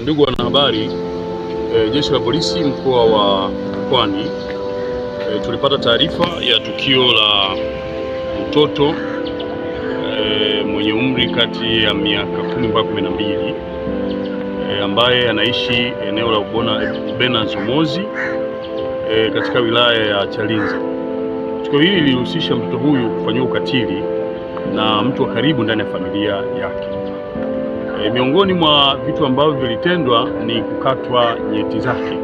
Ndugu wanahabari, e, jeshi la polisi mkoa wa Pwani e, tulipata taarifa ya tukio la mtoto e, mwenye umri kati ya miaka kumi mpaka kumi na mbili e, ambaye anaishi eneo la Ubena zomozi e, katika wilaya ya Chalinze. Tukio hili lilihusisha mtoto huyu kufanyiwa ukatili na mtu wa karibu ndani ya familia yake. E, miongoni mwa vitu ambavyo vilitendwa ni kukatwa nyeti zake,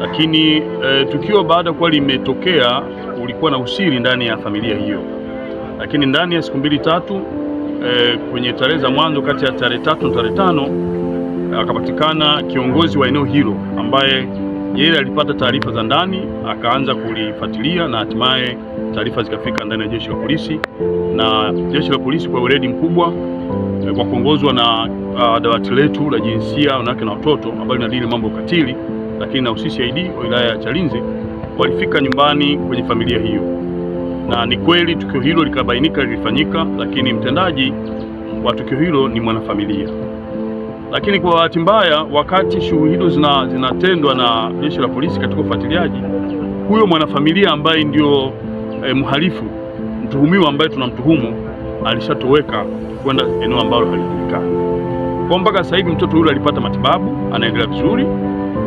lakini e, tukio baada kuwa limetokea ulikuwa na usiri ndani ya familia hiyo, lakini ndani ya siku mbili tatu e, kwenye tarehe za mwanzo kati ya tarehe tatu na tarehe tano akapatikana kiongozi wa eneo hilo ambaye yeye alipata taarifa za ndani akaanza kulifuatilia na hatimaye taarifa zikafika ndani ya jeshi la polisi, na jeshi la polisi kwa weledi mkubwa Eh, kwa kuongozwa na uh, dawati letu la jinsia, wanawake na watoto ambalo linadili mambo ya ukatili, lakini na UCCID wa wilaya ya Chalinze walifika nyumbani kwenye familia hiyo, na ni kweli tukio hilo likabainika lilifanyika, lakini mtendaji wa tukio hilo ni mwanafamilia. Lakini kwa bahati mbaya, wakati shughuli hizo zinatendwa na jeshi la polisi katika ufuatiliaji, huyo mwanafamilia ambaye ndio eh, mhalifu mtuhumiwa ambaye tunamtuhumu alishatoweka kwenda eneo ambalo halijulikani. Kwa mpaka sasa hivi mtoto yule alipata matibabu, anaendelea vizuri,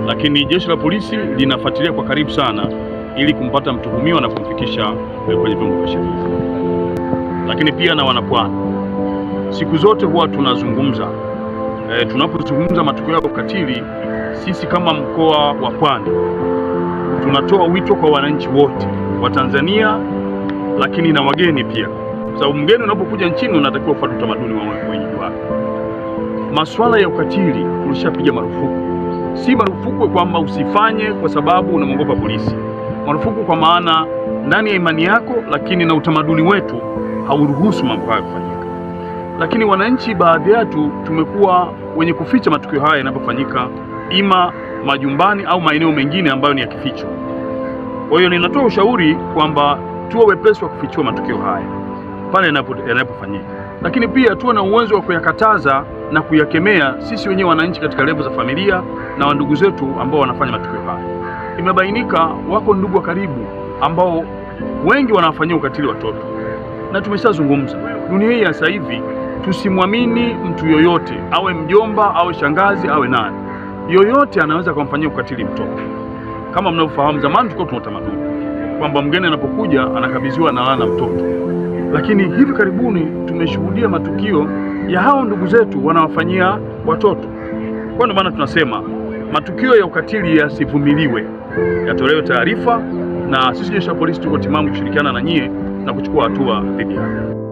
lakini jeshi la polisi linafuatilia kwa karibu sana ili kumpata mtuhumiwa na kumfikisha eh, kwenye vyombo vya sheria. Lakini pia na wanapwani, siku zote huwa tunazungumza e, tunapozungumza matukio ya ukatili, sisi kama mkoa wa Pwani tunatoa wito kwa wananchi wote wa Tanzania, lakini na wageni pia kwa sababu mgeni unapokuja nchini unatakiwa ufuate utamaduni wa wenyeji wako. Masuala ya ukatili tulishapiga marufuku, si marufuku kwamba usifanye kwa sababu unamwogopa polisi, marufuku kwa maana ndani ya imani yako, lakini na utamaduni wetu hauruhusu mambo hayo kufanyika. Lakini wananchi baadhi yetu tumekuwa wenye kuficha matukio haya yanapofanyika, ima majumbani au maeneo mengine ambayo ni ya kificho. Kwa hiyo ninatoa ushauri kwamba tuwe wepesi wa kufichua matukio haya pale yanapofanyika, lakini pia tuwe na uwezo wa kuyakataza na kuyakemea sisi wenyewe wananchi katika levo za familia na wandugu zetu ambao wanafanya matukio haya. Imebainika wako ndugu wa karibu ambao wengi wanawafanyia ukatili watoto, na tumeshazungumza, dunia hii ya sasa hivi tusimwamini mtu yoyote, awe mjomba, awe shangazi, awe nani yoyote, anaweza kumfanyia ukatili mtoto. Kama mnavyofahamu, zamani tulikuwa tuna utamaduni kwamba mgeni anapokuja anakabidhiwa na lana mtoto lakini hivi karibuni tumeshuhudia matukio ya hao ndugu zetu wanawafanyia watoto. Kwa ndio maana tunasema matukio ya ukatili yasivumiliwe, yatolewe taarifa, na sisi jeshi la polisi tuko timamu kushirikiana na nyie na kuchukua hatua dhidi yake.